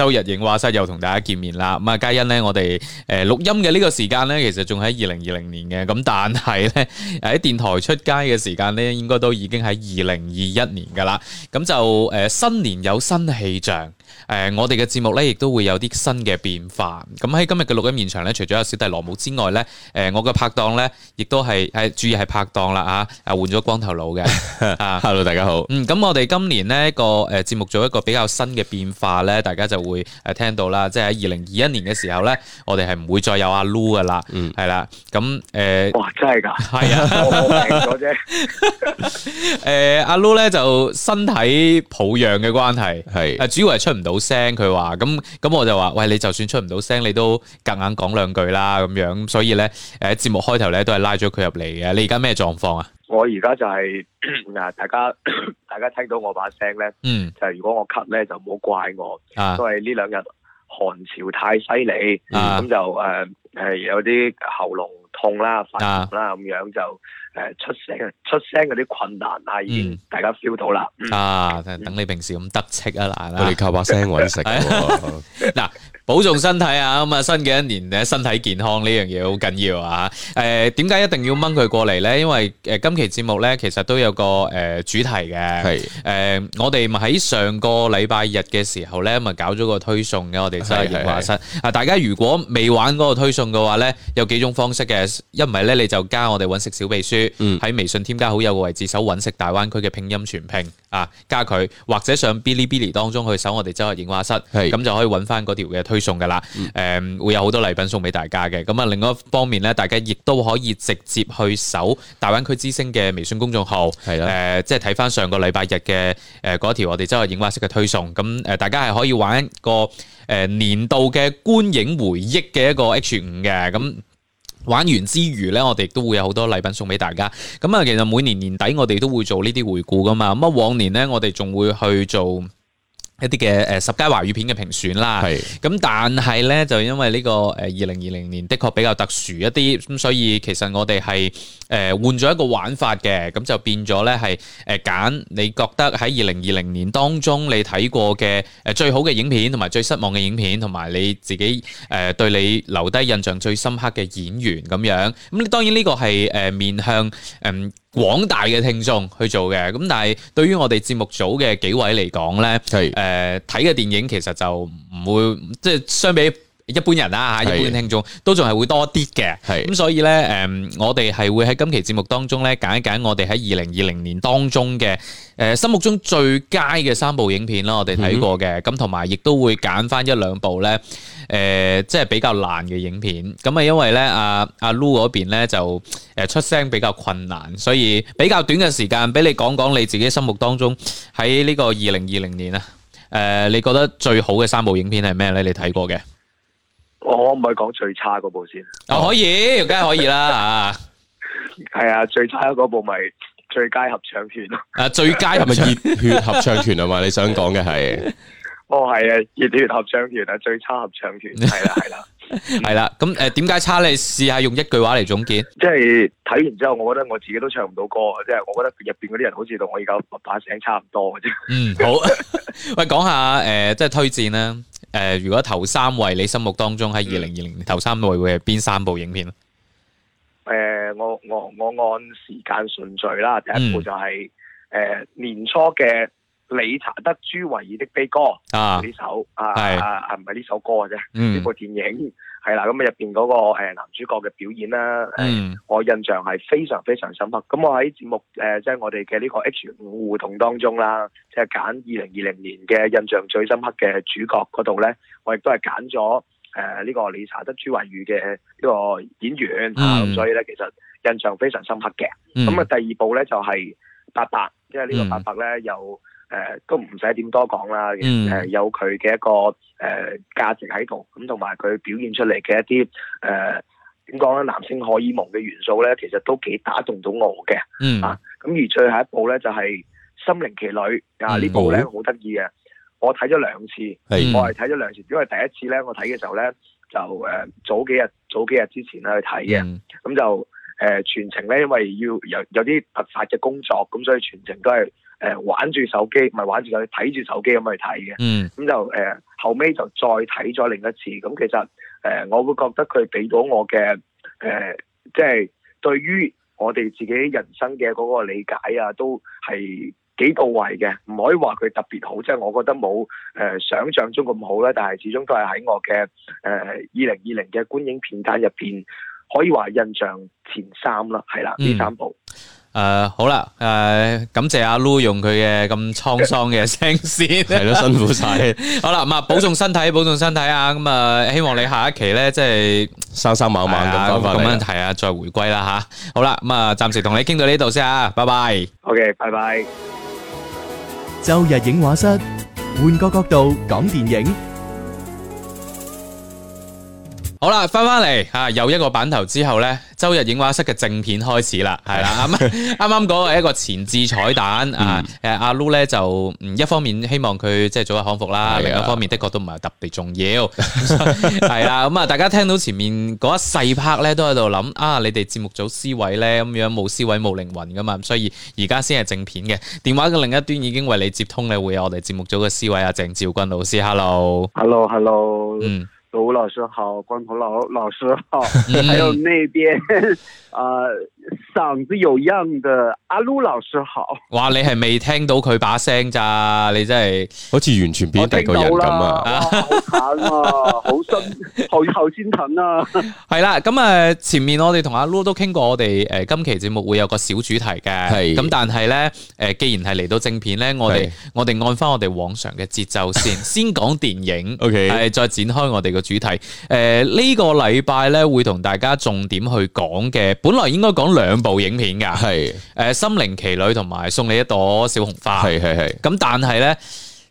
周日影話室又同大家見面啦，咁啊嘉欣呢，我哋誒、呃、錄音嘅呢個時間呢，其實仲喺二零二零年嘅，咁但係呢，喺電台出街嘅時間呢，應該都已經喺二零二一年噶啦，咁就誒、呃、新年有新氣象。誒，我哋嘅節目咧，亦都會有啲新嘅變化。咁喺今日嘅錄音現場咧，除咗有小弟羅姆之外咧，誒，我嘅拍檔咧，亦都係誒，主要係拍檔啦啊，誒，換咗光頭佬嘅。啊，hello，大家好。嗯，咁我哋今年呢個誒節目做一個比較新嘅變化咧，大家就會誒聽到啦。即係喺二零二一年嘅時候咧，我哋係唔會再有阿 Lu 噶啦。嗯，係啦。咁誒，哇，真係噶。係啊，我明咗啫。誒，阿 Lu 咧就身體抱恙嘅關係係，誒，主要係出唔唔到聲，佢話咁咁，我就話喂，你就算出唔到聲，你都夾硬講兩句啦咁樣。所以咧，誒、呃、節目開頭咧都係拉咗佢入嚟嘅。你而家咩狀況啊？我而家就係、是、嗱，大家大家聽到我把聲咧，嗯，就如果我咳咧，就唔好怪我，因為呢兩日寒潮太犀利，咁、啊嗯、就誒係、呃、有啲喉嚨痛啦、發炎啦咁樣就。誒出聲出聲嗰啲困難啊，已經大家笑到啦啊！等你平時咁得戚啊，嗱，我哋靠把聲揾食。嗱，保重身體啊！咁啊，新嘅一年咧，身體健康呢樣嘢好緊要啊！誒，點解一定要掹佢過嚟咧？因為誒今期節目咧，其實都有個誒主題嘅。係誒，我哋咪喺上個禮拜日嘅時候咧，咪搞咗個推送嘅。我哋真係映畫室啊！大家如果未玩嗰個推送嘅話咧，有幾種方式嘅。一唔係咧，你就加我哋揾食小秘書。喺、嗯、微信添加好友嘅位置，搜揾食大灣區嘅拼音全拼啊，加佢或者上嗶哩嗶哩當中去搜我哋周日影畫室，咁是就可以揾翻嗰條嘅推送噶啦。誒、嗯嗯，會有好多禮品送俾大家嘅。咁啊，另一方面咧，大家亦都可以直接去搜大灣區之星嘅微信公眾號，誒的、呃、即係睇翻上個禮拜日嘅誒嗰條我哋周日影畫室嘅推送。咁誒大家係可以玩一個誒、呃、年度嘅觀影回憶嘅一個 H 五嘅咁。嗯玩完之餘呢，我哋都會有好多禮品送畀大家。咁啊，其實每年年底我哋都會做呢啲回顧噶嘛。咁啊，往年呢，我哋仲會去做一啲嘅誒十佳華語片嘅評選啦，咁是但係呢，就因為呢個誒二零二零年，的確比較特殊一啲，咁所以其實我哋係誒換咗一個玩法嘅，咁就變咗呢係誒揀你覺得喺二零二零年當中你睇過嘅誒最好嘅影片，同埋最失望嘅影片，同埋你自己誒對你留低印象最深刻嘅演員咁樣。咁當然呢個係誒面向嗯廣大嘅聽眾去做嘅，咁但係對於我哋節目組嘅幾位嚟講呢，係誒睇嘅電影其實就唔會即係相比一般人啦，啊，吓是，一般聽眾都仲係會多啲嘅，係咁是所以呢，誒、呃，我哋係會喺今期節目當中呢，揀一揀我哋喺二零二零年當中嘅、誒、呃、心目中最佳嘅三部影片咯，我哋睇過嘅，咁同埋亦都會揀翻一兩部呢。誒、呃，即係比較難嘅影片，咁啊，因為呢，阿、啊、阿、啊、Lu 嗰邊呢就誒出聲比較困難，所以比較短嘅時間，俾你講講你自己心目當中喺呢個二零二零年啊，誒、呃，你覺得最好嘅三部影片係咩呢？你睇過嘅，我唔可以講最差嗰部先，啊，可以，梗係可以啦 啊，係啊，最差嗰部咪最佳合唱團啊，最佳係咪熱血合唱團啊嘛？你想講嘅係？ 哦，係啊！熱血合唱團啊，最差合唱團。係啦，係啦，係啦。 咁誒，點解差你試下用一句話嚟總結。即係睇完之後，我覺得我自己都唱唔到歌。即、就、係、是、我覺得入邊嗰啲人好，好似同我而家把聲差唔多嘅啫。嗯，好。喂，講下誒、呃，即係推薦啦。誒、呃，如果頭三位你心目當中喺二零二零年頭三位會係邊三部影片咧？誒、嗯，我我我按時間順序啦，第一部就係、是、誒、嗯呃、年初嘅。理查德·朱維爾的悲歌啊，呢首係啊，啊啊唔係呢首歌嘅啫，呢、嗯、部電影係啦，咁啊入邊嗰個男主角嘅表演啦，嗯、我印象係非常非常深刻。咁我喺節目誒，即、呃、係、就是、我哋嘅呢個 H 五互動當中啦，即係揀二零二零年嘅印象最深刻嘅主角嗰度咧，我亦都係揀咗誒呢個理查德·朱維爾嘅呢個演員，咁、嗯、所以咧其實印象非常深刻嘅。咁啊、嗯嗯、第二部咧就係《八佰》，因為，個八佰因為個八佰呢個《八佰》咧有。誒、呃，都唔使點多講啦，誒、呃、有佢嘅一個誒、呃、價值喺度，咁同埋佢表現出嚟嘅一啲誒點講咧，男性荷爾蒙嘅元素咧，其實都幾打動到我嘅、嗯啊就是，啊，咁而最後一部咧就係《心靈奇旅》啊，呢部咧好得意嘅，我睇咗兩次，嗯、我係睇咗兩次，因為第一次咧我睇嘅時候咧就誒、呃、早幾日早幾日之前咧去睇嘅，咁、嗯嗯、就誒、呃、全程咧因為要有要有啲突發嘅工作，咁所以全程都係。誒玩住手機，咪玩住睇住手機咁去睇嘅。嗯、mm.，咁就誒後尾就再睇咗另一次。咁其實誒、呃、我會覺得佢俾到我嘅誒，即、呃、係、就是、對於我哋自己人生嘅嗰個理解啊，都係幾到位嘅。唔可以話佢特別好，即、就、係、是、我覺得冇誒、呃、想像中咁好啦。但係始終都係喺我嘅誒二零二零嘅觀影片單入邊，可以話印象前三啦。係啦，呢三部。Mm. 誒，好啦，誒，感謝阿 Lu 用佢嘅咁滄桑嘅聲線，係咯，辛苦晒。好啦，咁啊，保重身體，保重身體啊！咁啊，希望你下一期咧，即係生生猛猛咁，咁樣提下，再回歸啦吓。好啦，咁啊，暫時同你傾到呢度先啊，拜拜。OK，拜拜。周日映畫室，換個角度講電影。好啦，翻翻嚟啊！又一個版頭之後呢，周日影畫室嘅正片開始啦，係啦。啱啱講嘅一個前置彩蛋啊、嗯、啊，阿 Lu 呢就、嗯、一方面希望佢即係早日康復啦，的另一方面的確都唔係特別重要，係啦。 咁啊、嗯，大家聽到前面嗰一細拍呢，都喺度諗啊，你哋節目組思維呢，咁樣冇思維冇靈魂噶嘛，所以而家先係正片嘅。電話嘅另一端已經為你接通，你會有我哋節目組嘅思維阿鄭兆君老師，Hello，Hello，Hello，嗯。左武老師好，光頭老老師好，還有那邊啊。嗓子有恙嘅阿 Lu 老師好，哇！你係未聽到佢把聲咋？你真係好似完全變第二個人咁啊！好慘啊， 好心後後先疼啊！係啦， 咁誒，前面我哋同阿 Lu 都傾過，我哋誒今期節目會有個小主題嘅，係咁是，但係咧誒，既然係嚟到正片咧，我哋是我哋按翻我哋往常嘅節奏先， 先講電影，OK，係再展開我哋嘅主題。誒、呃，呢、這個禮拜咧會同大家重點去講嘅，本來應該講。兩部影片噶，係誒是的、呃《心靈奇旅》同埋《送你一朵小紅花》，係係係。咁但係呢，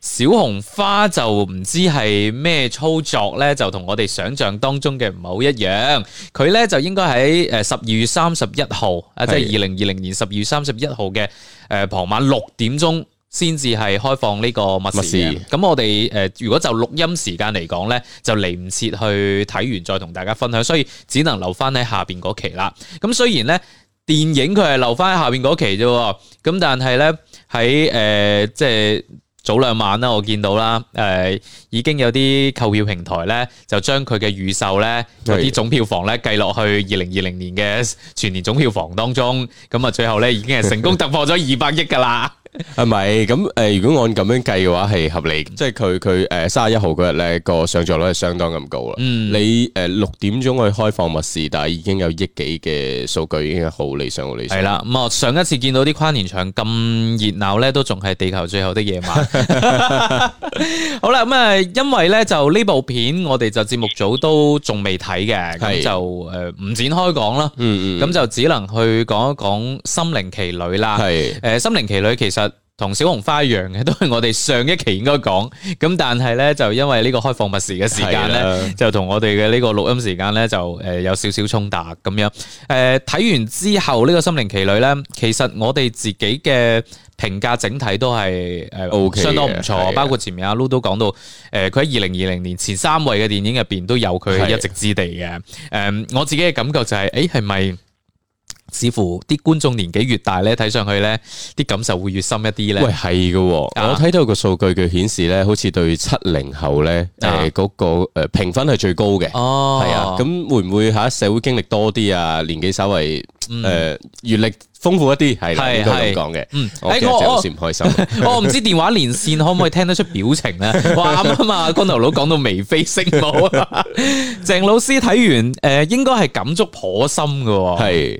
小紅花就唔知係咩操作呢，就同我哋想象當中嘅唔好一樣。佢呢，就應該喺誒十二月三十一號啊，是的 即係二零二零年十二月三十一號嘅誒傍晚六點鐘。先至係開放呢個密事嘅，咁我哋誒、呃，如果就錄音時間嚟講呢，就嚟唔切去睇完再同大家分享，所以只能留翻喺下邊嗰期啦。咁雖然呢電影佢係留翻喺下邊嗰期啫，咁但係呢，喺誒、呃，即係早兩晚啦，我見到啦，誒，已經有啲購票平台呢，就將佢嘅預售呢，有啲總票房呢，計落去二零二零年嘅全年總票房當中，咁啊，最後呢，已經係成功突破咗二百億噶啦。 係咪咁？誒， 是是如果按咁樣計嘅話，係合理。 即係佢佢誒，卅一號嗰日咧個上座率係相當咁高啦。嗯、你誒六點鐘去開放密視，但係已經有億幾嘅數據，已經係好理想好理想。係啦，咁、嗯、啊上一次見到啲跨年場咁熱鬧咧，都仲係地球最後的夜晚。 好啦，咁啊，因為咧就呢部片，我哋就節目組都仲未睇嘅，咁是就誒唔、呃、展開講啦。咁、嗯、就只能去講一講《是心靈奇旅》啦。係誒，《心靈奇旅》其實。 同小紅花一樣嘅都係我哋上一期應該講，咁但係呢，就因為呢個開放密事嘅時間呢的就同我哋嘅呢個錄音時間呢，就誒有少少衝突咁樣。誒、呃、睇完之後呢、這個心靈奇旅呢，其實我哋自己嘅評價整體都係誒 OK，相當唔錯。的包括前面阿 Lu 都講到，誒佢喺二零二零年前三位嘅電影入邊都有佢一席之地嘅。誒的、um, 我自己嘅感覺就係、是，咦係咪？是似乎啲觀眾年紀越大咧，睇上去咧，啲感受會越深一啲咧。喂，係嘅，我睇到個數據佢顯示咧，好似對七零後咧，誒嗰個誒評分係最高嘅。哦，係啊，咁會唔會吓社會經歷多啲啊？年紀稍微誒閱歷豐富一啲，係係係講嘅。嗯，誒我唔開心，我唔知電話連線可唔可以聽得出表情咧？哇，啱啱啊光頭佬講到眉飛色舞啊！鄭老師睇完誒，應該係感觸頗深嘅，係。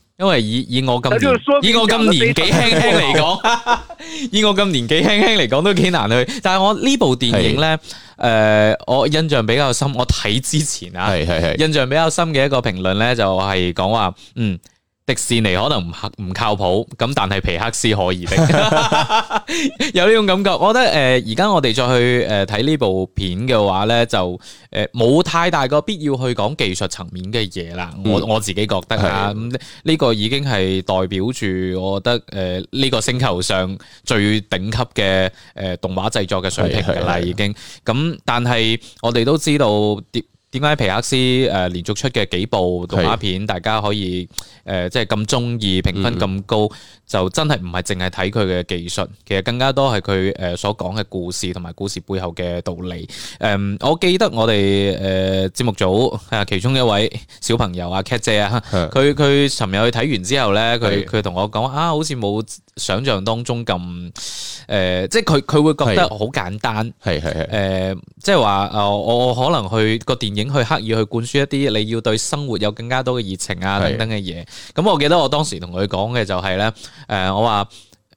因為以以我咁年以我咁年紀輕輕嚟講，以我咁年紀輕輕嚟講都幾難去。但係我呢部電影呢，誒是的、呃，我印象比較深。我睇之前啊，係係係，印象比較深嘅一個評論呢，就係講話嗯。迪士尼可能唔唔靠譜，咁但係皮克斯可以的， 有呢種感覺。我覺得誒，而家我哋再去誒睇呢部片嘅話咧，就誒冇太大個必要去講技術層面嘅嘢啦。我、嗯、我自己覺得啊，咁呢的個已經係代表住，我覺得誒呢個星球上最頂級嘅誒動畫製作嘅水平噶啦，的已經。咁但係我哋都知道。點解皮克斯誒連續出嘅幾部動畫片，的大家可以誒即係咁鍾意，評分咁高，嗯嗯就真係唔係淨係睇佢嘅技術，其實更加多係佢誒所講嘅故事同埋故事背後嘅道理。誒、嗯，我記得我哋誒、呃、節目組啊，其中一位小朋友啊，Cat 姐啊，佢佢尋日去睇完之後咧，佢佢同我講啊，好似冇。想象當中咁誒、呃，即係佢佢會覺得好簡單，係係係誒，即係話誒，我可能去個電影去刻意去灌輸一啲你要對生活有更加多嘅熱情啊的等等嘅嘢。咁、嗯、我記得我當時同佢講嘅就係咧誒，我話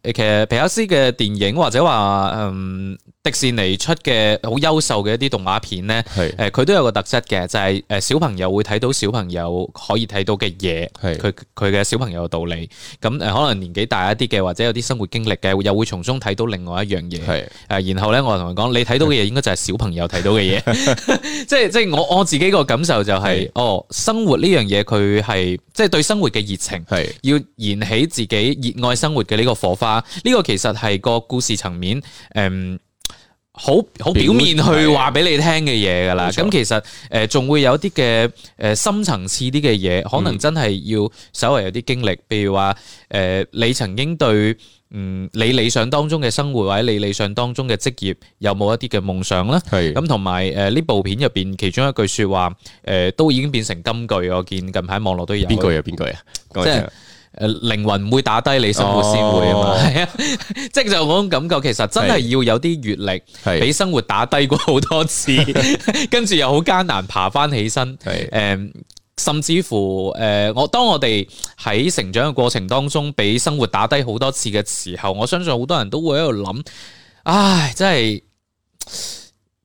誒，其實皮克斯嘅電影或者話嗯。迪士尼出嘅好優秀嘅一啲動畫片呢，誒是，佢都有個特質嘅，就係、是、誒小朋友會睇到小朋友可以睇到嘅嘢，佢佢嘅小朋友道理。咁、嗯、誒，可能年紀大一啲嘅，或者有啲生活經歷嘅，又會從中睇到另外一樣嘢。誒是、啊，然後呢，我同佢講，你睇到嘅嘢應該就係小朋友睇到嘅嘢。即係即係我我自己個感受就係、是，是哦，生活呢樣嘢佢係即係對生活嘅熱情，係是要燃起自己熱愛生活嘅呢個火花。呢、這個其實係個故事層面，誒、嗯。好好表面去話俾你聽嘅嘢噶啦，咁其實誒仲會有啲嘅誒深層次啲嘅嘢，可能真係要稍為有啲經歷，譬如話誒你曾經對嗯你理想當中嘅生活或者你理想當中嘅職業有冇一啲嘅夢想呢？係咁同埋誒呢部片入邊其中一句說話誒都已經變成金句，我見近排網絡都有邊句啊有邊句啊，即係。誒，靈魂唔會打低你，生活先會嘛、oh. 啊，係啊，即係就嗰、是、種感覺，其實真係要有啲閱歷，俾是生活打低過好多次， 跟住又好艱難爬翻起身。誒是、呃，甚至乎誒，我、呃、當我哋喺成長嘅過程當中，俾生活打低好多次嘅時候，我相信好多人都會喺度諗，唉，真係，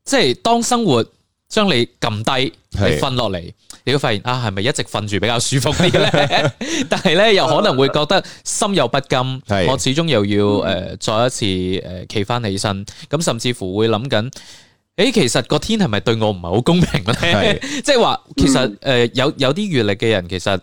即係當生活將你撳低，你瞓落嚟。你都發現啊，係咪一直瞓住比較舒服啲咧？ 但係咧又可能會覺得心有不甘， 我始終又要誒、呃、再一次誒企翻起身，咁甚至乎會諗緊，誒、欸、其實個天係咪對我唔係好公平咧？即係話其實誒、呃、有有啲閱歷嘅人其實。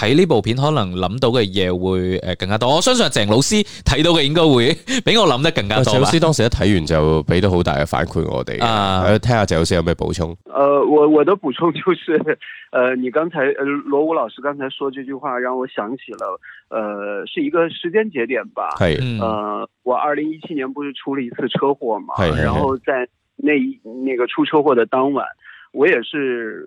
睇呢部片可能諗到嘅嘢會誒更加多，我相信鄭老師睇到嘅應該會比我諗得更加多。鄭老師當時一睇完就俾到好大嘅反饋我哋，誒、啊，睇下鄭老師有咩補充？誒、呃，我我的補充就是，誒、呃，你剛才羅武老師剛才說這句話，讓我想起了，誒、呃，是一個時間節點吧？係是，誒、嗯呃，我二零一七年不是出了一次車禍嘛？是然後在那那個出車禍的當晚，我也是。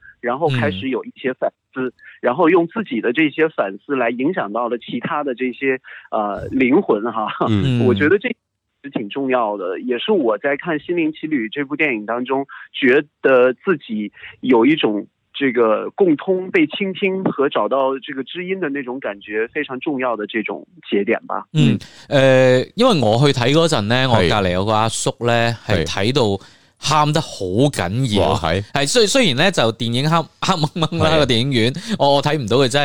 然後開始有一些反思，嗯、然後用自己的這些反思來影響到了其他的這些呃靈魂哈，嗯、我覺得這，是挺重要的，也是我在看《心靈奇旅》這部電影當中，覺得自己有一種這個共通、被傾聽和找到這個知音的那種感覺，非常重要的這種節點吧。嗯，呃，因為我去睇嗰陣呢，是我隔籬有個阿叔呢，係睇到。喊得好緊要，係，雖雖然咧就電影黑黑掹掹啦個電影院，是哦、我睇唔到佢真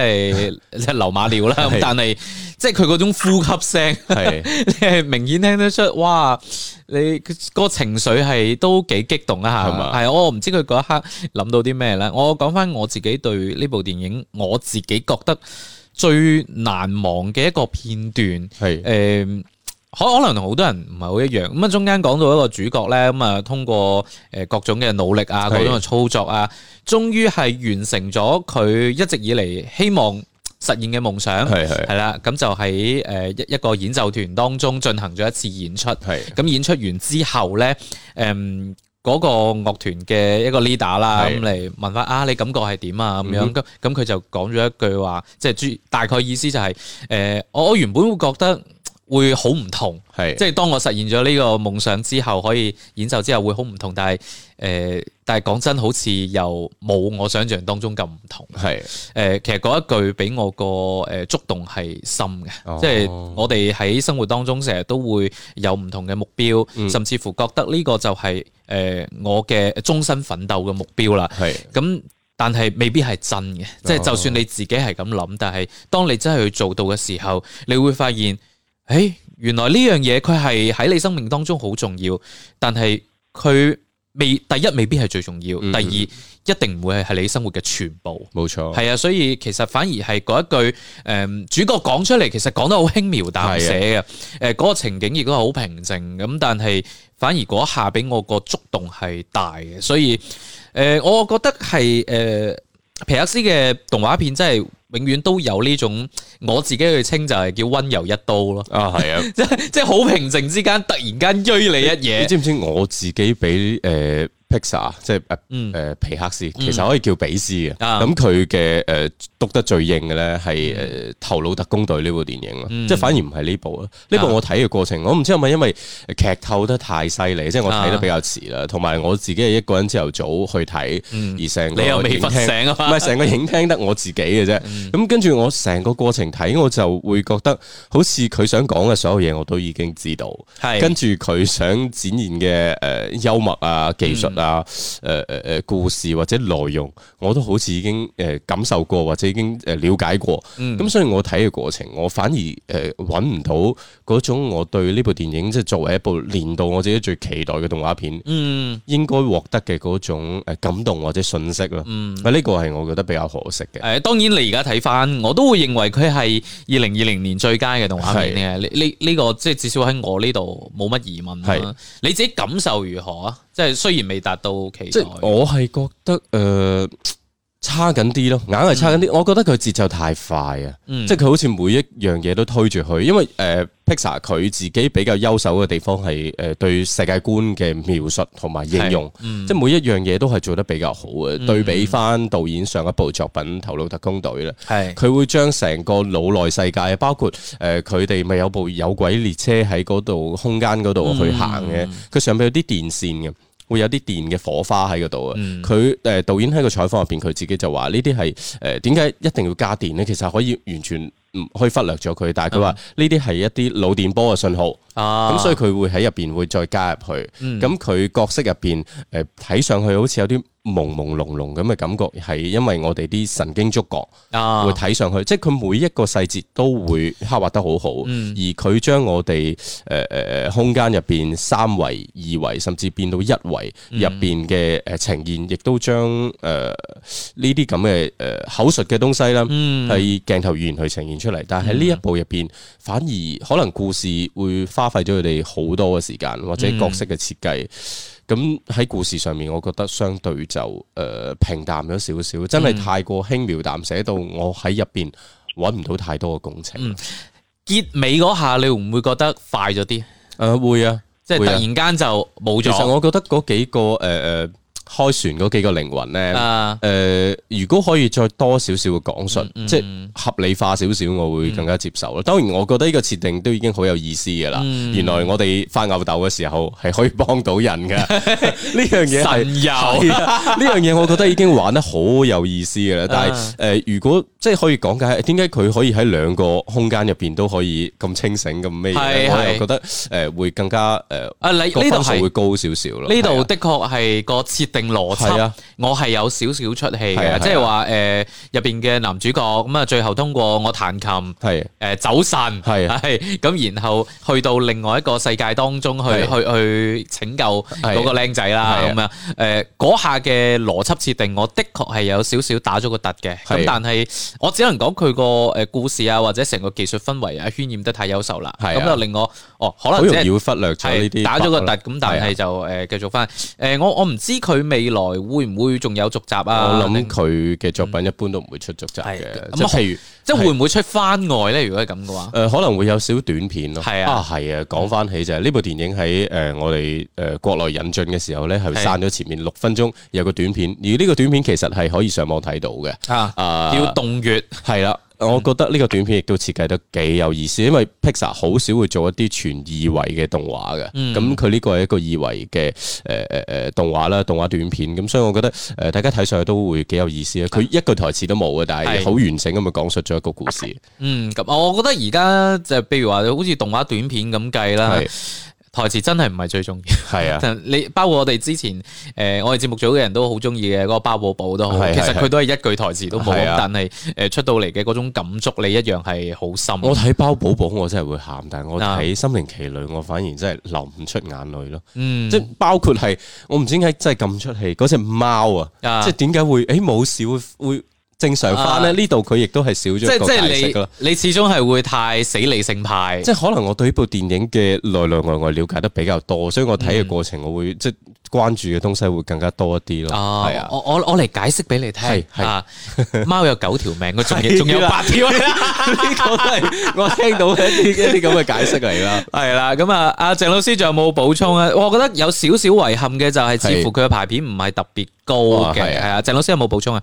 係流馬尿啦，是但係即係佢嗰種呼吸聲係，你係是 明顯聽得出，哇！你個情緒係都幾激動一下，係嗎我唔知佢嗰一刻諗到啲咩咧。我講翻我自己對呢部電影，我自己覺得最難忘嘅一個片段係，誒是。呃可可能同好多人唔係好一樣咁啊！中間講到一個主角咧咁啊，通過誒各種嘅努力啊，是的 各種嘅操作啊，終於係完成咗佢一直以嚟希望實現嘅夢想係係啦！咁就喺誒一一個演奏團當中進行咗一次演出係。咁是的 演出完之後咧，誒、嗯、嗰、嗰個樂團嘅一個 leader 啦咁嚟問翻啊，你感覺係點啊？咁樣咁佢就講咗一句話，即係大概意思就係、是、誒、呃，我原本會覺得。會好唔同，係即係當我實現咗呢個夢想之後，可以演奏之後會好唔同，但係誒，但係講真，好似又冇我想象當中咁唔同，係誒，其實嗰一句俾我個誒觸動係深嘅，即係我哋喺生活當中成日都會有唔同嘅目標，甚至乎覺得呢個就係誒我嘅終身奮鬥嘅目標啦，係咁，但係未必係真嘅，即係就算你自己係咁諗，但係當你真係去做到嘅時候，你會發現。誒，原來呢樣嘢佢係喺你生命當中好重要，但係佢未第一未必係最重要，第二一定唔會係你生活嘅全部。冇錯，係啊，所以其實反而係嗰一句，誒、嗯、主角講出嚟，其實講得好輕描淡寫嘅，誒嗰、啊呃嗰個情景亦都好平靜咁、嗯，但係反而嗰下俾我個觸動係大嘅，所以誒、呃，我覺得係誒。呃皮克斯嘅動畫片真係永遠都有呢種，我自己去稱就係叫溫柔一刀咯。啊，係啊， 即係即係好平靜之間，突然間追你一嘢。你知唔知我自己俾誒？呃 Pixar 即係誒誒皮克斯，其實可以叫比斯嘅。咁佢嘅誒讀得最硬嘅咧，係誒頭腦特工隊呢部電影咯。即係反而唔係呢部啊。呢部我睇嘅過程，我唔知係咪因為劇透得太犀利，即係我睇得比較遲啦。同埋我自己係一個人朝頭早去睇，而成你又未瞓醒啊，唔係成個影廳得我自己嘅啫。咁跟住我成個過程睇，我就會覺得好似佢想講嘅所有嘢我都已經知道。跟住佢想展現嘅誒幽默啊技術。啊，誒誒誒，故事或者內容，我都好似已經誒感受過，或者已經誒了解過。咁、嗯、所以我睇嘅過程，我反而誒搵唔到嗰種我對呢部電影，即係作為一部年度我自己最期待嘅動畫片，嗯，應該獲得嘅嗰種誒感動或者信息咯。啊呢、嗯、個係我覺得比較可惜嘅。誒、嗯，當然你而家睇翻，我都會認為佢係二零二零年最佳嘅動畫片呢呢是、呢個即係至少喺我呢度冇乜疑問啦。是你自己感受如何啊？即係雖然未達到期待，我係覺得誒、呃、差緊啲咯，硬係差緊啲。嗯、我覺得佢節奏太快啊，嗯、即係佢好似每一樣嘢都推住佢，因為誒、呃，Pixar 佢自己比較優秀嘅地方係誒、呃、對世界觀嘅描述同埋應用，嗯、即係每一樣嘢都係做得比較好嘅。嗯、對比翻導演上一部作品《頭腦特工隊》咧、嗯，係佢會將成個腦內世界，包括誒佢哋咪有部有軌列車喺嗰度空間嗰度去行嘅，佢、嗯、上面有啲電線嘅。會有啲電嘅火花喺嗰度啊！佢誒、嗯呃、導演喺個採訪入邊，佢自己就話：呢啲係誒點解一定要加電呢？其實可以完全。唔可以忽略咗佢，但係佢話呢啲係一啲腦電波嘅信號，咁所以佢會喺入邊會再加入去。咁佢角色入邊誒睇上去好似有啲朦朦朧朧咁嘅感覺，係因為我哋啲神經觸覺會睇上去，即係佢每一個細節都會刻畫得好好。而佢將我哋誒誒空間入邊三維、二維甚至變到一維入邊嘅誒呈現，亦都將誒呢啲咁嘅誒口述嘅東西啦，係鏡頭語言去呈現出。出嚟，但係呢一步入邊，嗯、反而可能故事會花費咗佢哋好多嘅時間，或者角色嘅設計。咁喺、嗯、故事上面，我覺得相對就誒、呃、平淡咗少少，真係太過輕描淡寫到我喺入邊揾唔到太多嘅共情、嗯。結尾嗰下，你會唔會覺得快咗啲？誒、呃，會啊，即係是、啊、突然間就冇咗。啊、其實我覺得嗰幾個誒誒。呃開船嗰幾個靈魂咧，誒，如果可以再多少少嘅講述，即係合理化少少，我會更加接受咯。當然，我覺得呢個設定都已經好有意思嘅啦。原來我哋翻牛豆嘅時候係可以幫到人嘅，呢樣嘢係神遊。呢樣嘢我覺得已經玩得好有意思嘅啦。但係誒，如果即係可以講解點解佢可以喺兩個空間入邊都可以咁清醒咁咩嘢？我又覺得誒會更加誒，啊，你呢度會高少少咯。呢度的確係個設定邏輯，我係有少少出戲嘅，即係話誒入邊嘅男主角咁啊，最後通過我彈琴係誒走神係咁，然後去到另外一個世界當中去去去拯救嗰個靚仔啦咁樣誒，嗰下嘅邏輯設定，我的確係有少少打咗個突嘅，咁但係我只能講佢個誒故事啊，或者成個技術氛圍啊，渲染得太優秀啦，咁就令我哦可能即係忽略咗呢啲打咗個突，咁但係就誒繼續翻誒我我唔知佢。未來會唔會仲有續集啊？我諗佢嘅作品一般都唔會出續集嘅。咁譬如，即係會唔會出番外咧？如果係咁嘅話，誒、呃，可能會有少短片咯。係的啊，係啊。講翻起就係呢部電影喺誒、呃、我哋誒、呃、國內引進嘅時候咧，係刪咗前面六分鐘有個短片，而呢個短片其實係可以上網睇到嘅。啊啊，啊叫《洞穴》係啦、啊。我覺得呢個短片亦都設計得幾有意思，因為 Pixar 好少會做一啲全二維嘅動畫嘅，咁佢呢個係一個二維嘅誒誒誒動畫啦，動畫短片，咁所以我覺得誒大家睇上去都會幾有意思啊！佢的一句台詞都冇嘅，但係好完整咁去講述咗一個故事。的嗯，咁我覺得而家就譬如話好似動畫短片咁計啦。台詞真係唔係最重要？係是啊！ 你包括我哋之前，誒、呃、我哋節目組嘅人都好中意嘅嗰個包寶寶都好，是是是其實佢都係一句台詞都冇，是啊、但係誒、呃、出到嚟嘅嗰種感觸你一樣係好深。我睇包寶寶我真係會喊，但係我睇《心靈奇旅》我反而真係流唔出眼淚咯。嗯，即係包括係我唔知點解真係咁出戲嗰隻貓啊，啊即係點解會誒冇事會會。欸正常翻咧，呢度佢亦都係少咗個解釋咯。即係你，你始終係會太死理性派，即係可能我對呢部電影嘅內內外外了解得比較多，所以我睇嘅過程我會即係關注嘅東西會更加多一啲咯。係啊，我我我嚟解釋俾你聽。係啊，貓有九條命，佢仲仲有八條。呢個係我聽到一啲一啲咁嘅解釋嚟啦。係啦，咁啊，阿鄭老師仲有冇補充啊？我覺得有少少遺憾嘅就係，似乎佢嘅排片唔係特別高嘅。係啊，鄭老師有冇補充啊？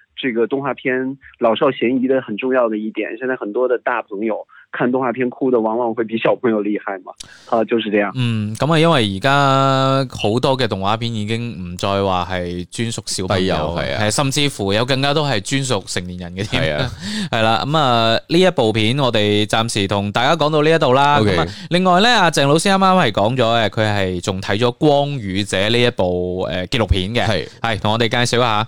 這個動畫片老少咸宜的很重要的一點，現在很多的大朋友看動畫片哭的，往往會比小朋友厲害嘛。啊，就是這樣。嗯，咁啊，因為而家好多嘅動畫片已經唔再話係專屬小朋友，係啊，甚至乎有更加都係專屬成年人嘅。係啊，係啦、嗯，咁啊呢一部片，我哋暫時同大家講到呢一度啦。另外呢，阿鄭老師啱啱係講咗嘅，佢係仲睇咗《追光者》呢一部誒、呃、紀錄片嘅，係，係同我哋介紹一下。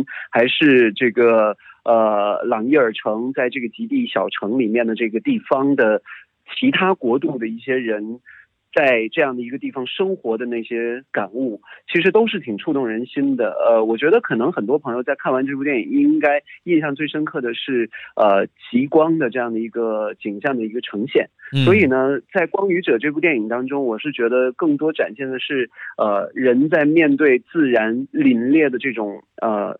還是這個，呃，朗伊爾城在這個極地小城裏面的這個地方的其他國度的一些人，在這樣的一個地方生活的那些感悟，其實都是挺觸動人心的。呃，我覺得可能很多朋友在看完這部電影，應該印象最深刻的是，呃，極光的這樣的一個景象的一個呈現。嗯。所以呢，在《追光者》這部電影當中，我是覺得更多展現的是，呃，人在面對自然凜冽的這種，呃。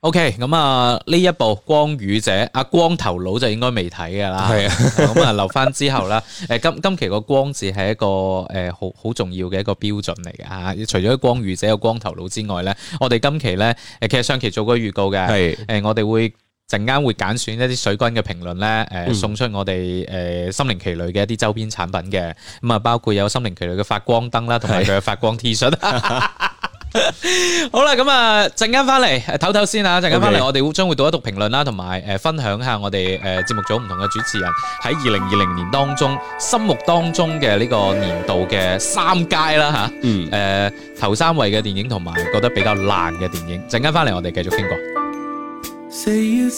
OK，咁啊呢一部《追光者》，阿光頭佬就應該未睇噶啦，咁啊是的 留翻之後啦。誒， 今今期個光字係一個誒好好重要嘅一個標準嚟嘅吓。除咗《追光者》個光頭佬之外咧，我哋今期咧誒，其實上期做過預告嘅，誒是的，我哋會陣間會揀選一啲水軍嘅評論咧，誒，嗯、送出我哋誒、呃、心靈奇旅嘅一啲周邊產品嘅，咁啊包括有心靈奇旅嘅發光燈啦，同埋佢嘅發光 T 恤。Shirt, 是的 好啦，咁啊，陣間翻嚟，唞唞先啊，陣間翻嚟，我哋會將會讀一讀評論啦，同埋誒，分享下我哋誒節目組唔同嘅主持人喺二零二零年當中，心目當中嘅呢個年度嘅三佳啦吓，誒、啊 mm. 呃、頭三位嘅電影，同埋覺得比較爛嘅電影。陣間翻嚟，我哋繼續傾過。Say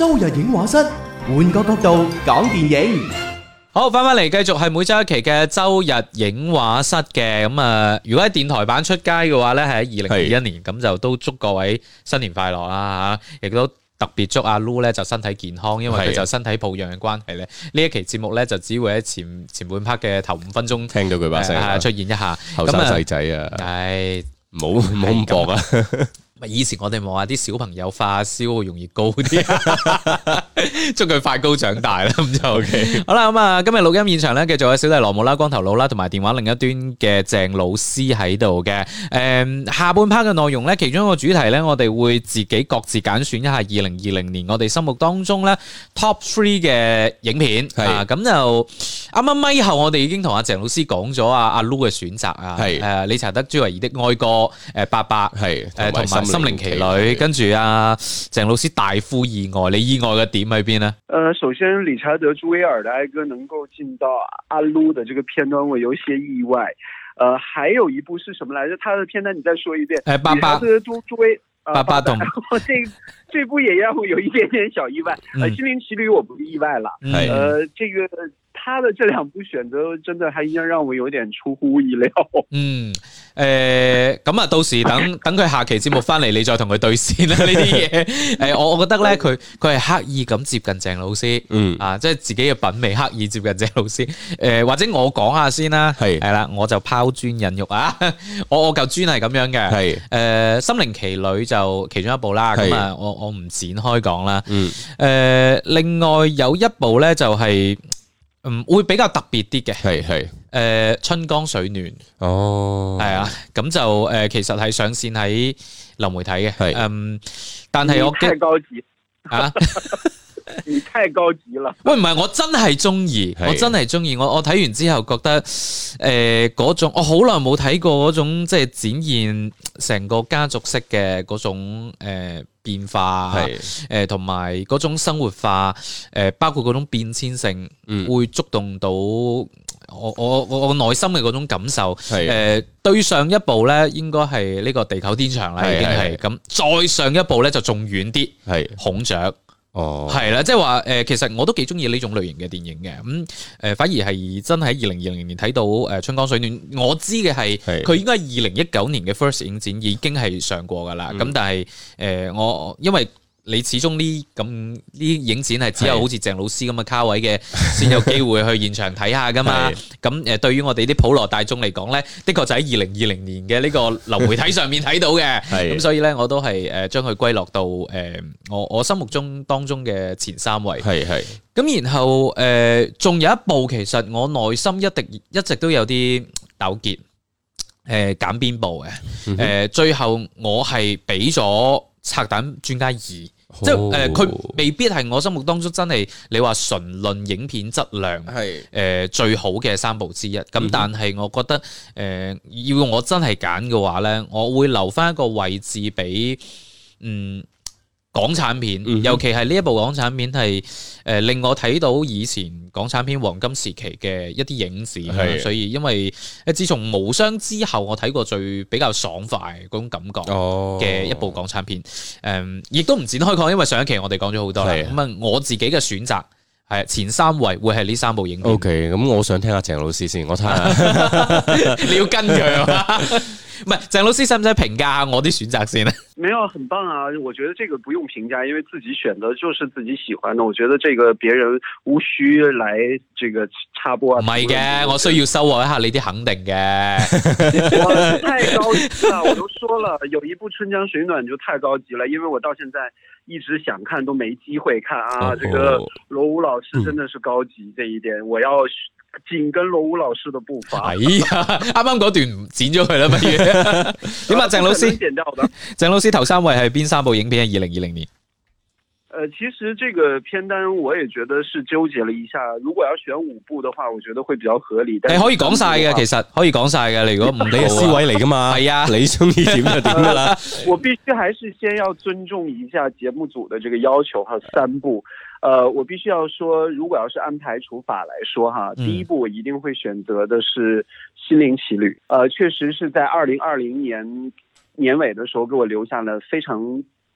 周日映畫室，換個角度講電影。好，翻翻嚟，繼續係每週一期嘅周日映畫室嘅。咁啊，如果喺電台版出街嘅話咧，係喺二零二一年，咁就都祝各位新年快樂啦吓，亦都特別祝阿 Lu 咧就身體健康，因為佢就身體抱恙嘅關係咧。呢一期節目咧就只會喺前前半 part 嘅頭五分鐘聽到佢把聲出現一下。咁啊，後生仔仔啊，係，冇冇咁搏啊。以前我哋望下啲小朋友發燒會容易高啲，祝佢快高長大啦咁就 OK。 好啦，咁啊今日錄音現場咧，繼續有小弟羅姆啦、光頭佬啦，同埋電話另一端嘅鄭老師喺度嘅。誒、嗯，下半 part 嘅內容咧，其中一個主題咧，我哋會自己各自揀選一下二零二零年我哋心目當中咧 top three 嘅影片，係咁是、啊、就。啱啱咪後，我哋已經同阿鄭老師講咗阿阿 Lu 嘅選擇啊，係誒理查德朱維爾的哀歌誒八八係誒同埋心靈奇旅，跟住阿鄭老師大呼意外，你意外嘅點喺邊呢？誒，首先理查德朱維爾的哀歌能夠進到阿 Lu 的這個片段，我有一些意外。誒，還有一部是什麼來着？他的片段你再說一遍。誒，八八理查德朱朱維爾八八同，這這部也讓我有一點點小意外。誒，心靈奇旅我不意外啦。誒，這個。他的這兩部選擇，真的還讓讓我有點出乎意料。嗯，誒，咁啊，到時等等佢下期節目翻嚟，你再同佢對線啦。呢啲嘢，誒，我我覺得咧，佢佢係刻意咁接近鄭老師，嗯，啊，即係自己嘅品味刻意接近鄭老師。誒，或者我講下先啦，係係啦，我就拋磚引玉啊。我我嚿磚係咁樣嘅，係，誒，心靈奇旅就其中一部啦。咁啊，我我唔展開講啦。嗯，誒，另外有一部咧就係。嗯，會比較特別啲嘅，係係，誒，春江水暖，哦，係啊，咁就誒，其實係上線喺流媒體嘅，係，嗯，但係我太高級啊，你太高級啦，喂，唔係，我真係中意，我真係中意，我我睇完之後覺得，誒，嗰種我好耐冇睇過嗰種，即係展現成個家族式嘅嗰種，誒。變化，係是的、呃，誒，同埋嗰種生活化，誒、呃，包括嗰種變遷性，嗯、會觸動到我我我我內心嘅嗰種感受，係，誒，對上一部咧，應該係呢個《地球天長》啦，是的 已經係咁，是的 再上一部咧就仲遠啲，係《是的 孔雀》。哦，係、就、啦、是，即係話誒，其實我都幾中意呢種類型嘅電影嘅，咁、嗯、誒、呃、反而係真喺二零二零年睇到誒春江水暖，我知嘅係佢應該係二零一九年嘅 First 影展已經係上過噶啦，咁、嗯、但係誒、呃、我因為。你始終呢咁呢影展係只有好似鄭老師咁嘅卡位嘅，先有機會去現場睇下噶嘛？咁誒，對於我哋啲普羅大眾嚟講咧，的確就喺二零二零年嘅呢個流媒體上面睇到嘅，咁所以咧，我都係誒將佢歸落到誒我我心目中當中嘅前三位，係係。咁然後誒，仲有一部其實我內心一直一直都有啲糾結，誒揀邊部嘅？誒最後我係俾咗。拆彈專家二，oh。即係誒，佢、呃、未必係我心目當中真係你話純論影片質量係誒是、呃、最好嘅三部之一。咁但係我覺得誒、呃，要我真係揀嘅話咧，我會留翻一個位置俾嗯。港產片，尤其係呢一部港產片係誒，令我睇到以前港產片黃金時期嘅一啲影子，的所以因為自從無雙之後，我睇過最比較爽快嗰種感覺嘅一部港產片，誒亦、哦嗯、都唔展開講，因為上一期我哋講咗好多，咁啊的我自己嘅選擇係前三位會係呢三部影片。OK，咁我想聽下鄭老師先，我睇下，你要跟住。 唔係鄭老師，使唔使評價下我啲選擇先咧？沒有，很棒啊！我覺得這個不用評價，因為自己選的就是自己喜歡的。我覺得這個別人無需來這個插播啊。唔係嘅，我，就我需要收穫一下你啲肯定嘅。 我太高級啦！我都說了，有一部春江水暖就太高級了，因為我到現在。一直想看都沒機會看啊！這個羅武老師真的是高級，這一點我要緊跟羅武老師的步伐。哎呀，啱啱嗰段剪咗佢啦，不如點啊？鄭老師，鄭老師，頭三位係邊三部影片係二零二零年？呃，其實這個片單我也覺得是糾結了一下，如果要選五部的話，我覺得會比較合理。你可以講晒嘅，其實可以講晒嘅。你如果 你嘅思維嚟嘅嘛？係 啊， 你中意點就點㗎啦、呃。我必須還是先要尊重一下節目組的這個要求哈，三部。呃，我必須要說，如果要是按排除法來說哈，第一部我一定會選擇的是《心靈奇旅》。呃，確實是在二零二零年年尾的時候給我留下了非常。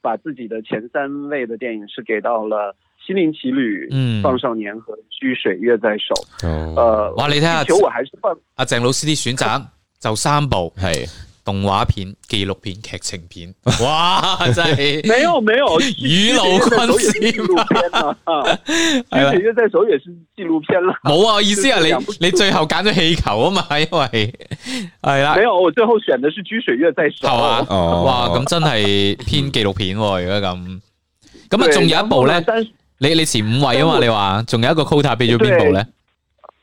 把自己的前三位的電影是給到了《心靈奇旅》、《放少年》和《掬水月在手》嗯。呃，哇！你聽下、啊，阿鄭、啊、老師啲選擇、啊、就三部，係。動畫片、紀錄片、劇情片，哇，真係沒有沒有，雨露均沾。掬水月在手也是紀錄片啦，冇啊， 意思啊，有吧你你最後揀咗氣球啊嘛，係因為係啦。沒有，我最後選的是掬水月在手。係嘛、啊，哦、 哇，咁真係偏紀錄片喎，如果咁，咁啊，仲、嗯、有一部咧，對你你前五位啊嘛，我你話仲有一個 quota 俾咗邊部咧？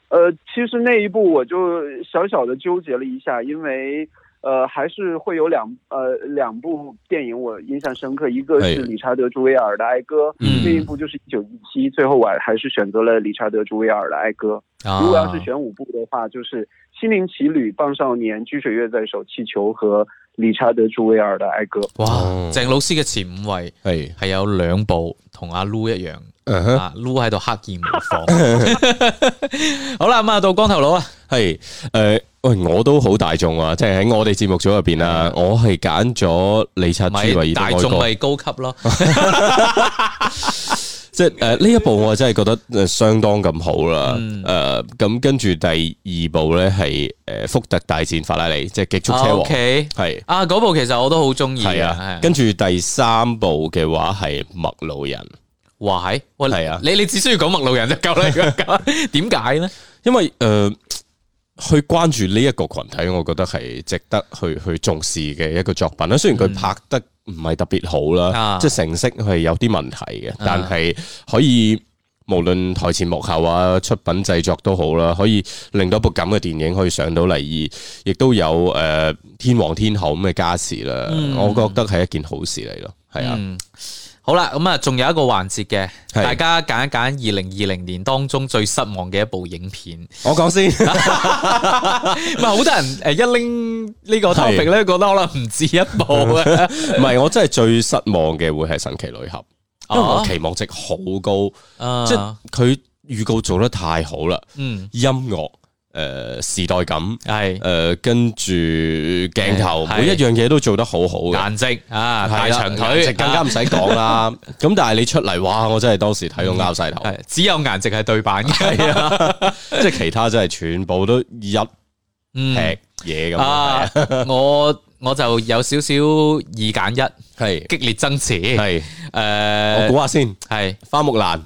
誒、呃，其實那一部我就小小，小的糾結了一下，因為。呃、嗯，還是會有兩，呃，兩部電影我印象深刻，一個是理查德朱威爾的，的《哀歌》，另一部就是《一九一七》，最後我還是選擇了理查德朱威爾的哀《哀歌》。如果要是選五部的話，就是《心靈奇旅》、《棒少年》、《掬水月在手》、《氣球》和理查德朱威爾的哀《哀歌》。哇！鄭、哦、老師嘅前五位係係有兩部同阿 Lu 一樣，阿 Lu 喺度刻意模仿。好啦、啊，咁、呃、啊、呃、 到光頭佬啊，係誒。喂，我都好大眾啊，即係喺我哋節目組入邊啊。我係揀咗李察朱維爾。大眾咪高級咯，即係誒呢一部我真係覺得相當咁好啦。誒，咁跟住第二部咧係誒《福特大戰法拉利》，即係極速車王。係啊，嗰部其實我都好中意啊。跟住第三部嘅話係《麥路人》，哇喂，係啊，你你只需要講《麥路人》就夠啦。點解咧？因為誒。去關注呢一個群體，我覺得係值得去去重視嘅一個作品啦。雖然佢拍得唔係特別好啦，即係、嗯、成績係有啲問題嘅，啊、但係可以無論台前幕後啊，出品製作都好啦，可以令到部咁嘅電影可以上到嚟，而亦都有誒、呃、天王天后咁嘅加持啦。嗯、我覺得係一件好事嚟咯，係啊。嗯好啦，咁啊，仲有一個環節嘅，是大家揀一揀二零二零年當中最失望嘅一部影片。我講先 ，唔係好多人誒是，一拎呢個 topic 咧，覺得可能唔止一部嘅。唔係，我真係最失望嘅會係《神奇女俠》啊，因為我期望值好高，啊、即係佢預告做得太好啦。嗯，音樂。誒，時代感係誒，跟住鏡頭每一樣嘢都做得好好嘅，顏值啊大長腿更加唔使講啦。咁但係你出嚟哇，我真係當時睇到拗晒頭，只有顏值係對版嘅，即係其他真係全部都一撇嘢咁。我我就有少少二揀一，係激烈爭持，係誒，我估下先，係花木蘭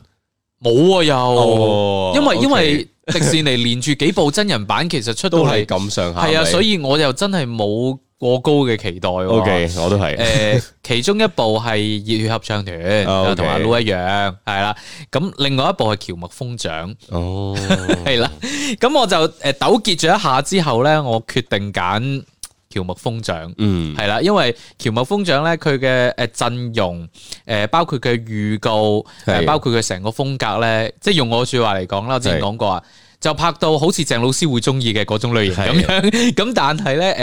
冇啊，又因為因為。迪士尼連住幾部真人版，其實出到係咁上下，係啊，所以我又真係冇過高嘅期待、啊。O、okay, K，我都係。誒、 呃，其中一部係熱血合唱團，同 Okay. 阿 l o 一樣，係啦、啊。咁另外一部係蕎麥瘋長。哦、oh. 啊，係啦。咁我就誒糾結咗一下之後咧，我決定揀。喬木風長，係啦、嗯，因為喬木風長咧，佢嘅誒陣容，誒包括佢預告，的包括佢成個風格咧，即係用我說話嚟講啦，我之前講過啊，的就拍到好似鄭老師會中意嘅嗰種類型咁的樣，咁但係咧，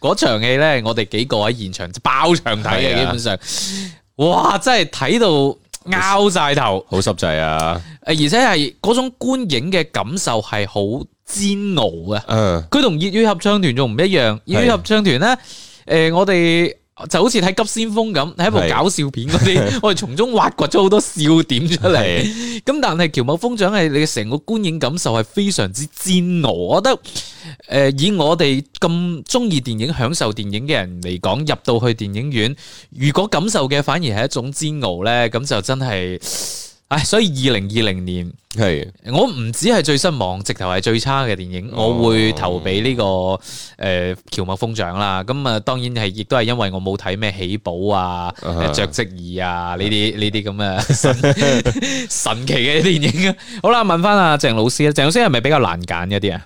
誒嗰場戲咧，我哋幾個喺現場包場睇嘅，的基本上，哇，真係睇到拗晒頭，好濕滯啊！誒，而且係嗰種觀影嘅感受係好煎熬啊！佢同熱血合唱團仲唔一樣？熱血合唱團咧，誒，我哋就好似睇急先鋒咁，係一部搞笑片嗰啲，我哋從中挖掘咗好多笑點出嚟。咁但係喬某風長係你嘅成個觀影感受係非常之煎熬。我覺得，誒，以我哋咁中意電影、享受電影嘅人嚟講，入到去電影院，如果感受嘅反而係一種煎熬咧，咁就真係，唉，所以二零二零年。係，是我唔止係最失望，直頭係最差嘅電影，哦、我會投俾呢、這個誒喬木風獎啦。咁啊，當然係，亦都係因為我冇睇咩喜寶啊、爵跡二啊呢啲呢啲咁嘅神奇嘅電影。好啦，問翻阿鄭老師啊，鄭老師係咪比較難揀一啲啊？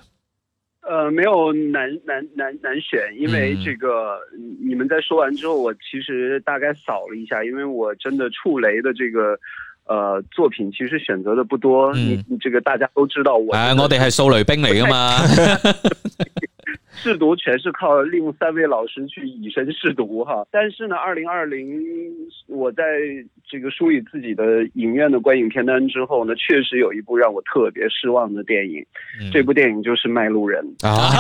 誒、呃，沒有難難難難選，因為這個、嗯、你們在說完之後，我其實大概掃了一下，因為我真的觸雷的這個。誒、呃，作品其實選擇的不多，嗯你，你這個大家都知道，啊、我。誒、啊，我哋係掃雷兵嚟㗎嘛。 試毒全是靠利用三位老師去以身試毒哈，但是呢，二零二零我在這個梳理自己的影院的觀影片單之後呢，確實有一部讓我特別失望的電影，嗯、這部電影就是《麥路人》啊。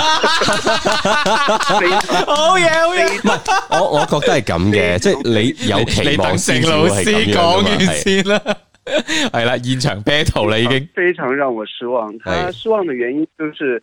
好耶好耶！我我覺得是咁嘅， 即係你有期望的先會係咁樣嘅問題。係啦，現場 battle 已經非常讓我失望。他是失望的原因就是。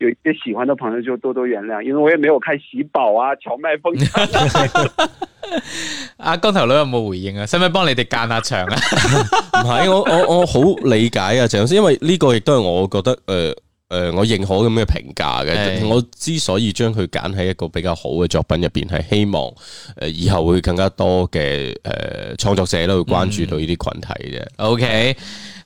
有一些喜歡的朋友就多多原諒，因為我也沒有看喜寶啊、蕎麥風啊。阿光 頭佬有冇回應啊？使唔使幫你哋間下場啊？唔 係， 我我我好理解啊，鄭老師，因為呢個亦都係我覺得，誒、呃、誒、呃，我認可咁嘅評價嘅。的我之所以將佢揀喺一個比較好嘅作品入邊，係希望誒以後會更加多嘅誒創作者都會關注到呢啲群體嘅。嗯、OK。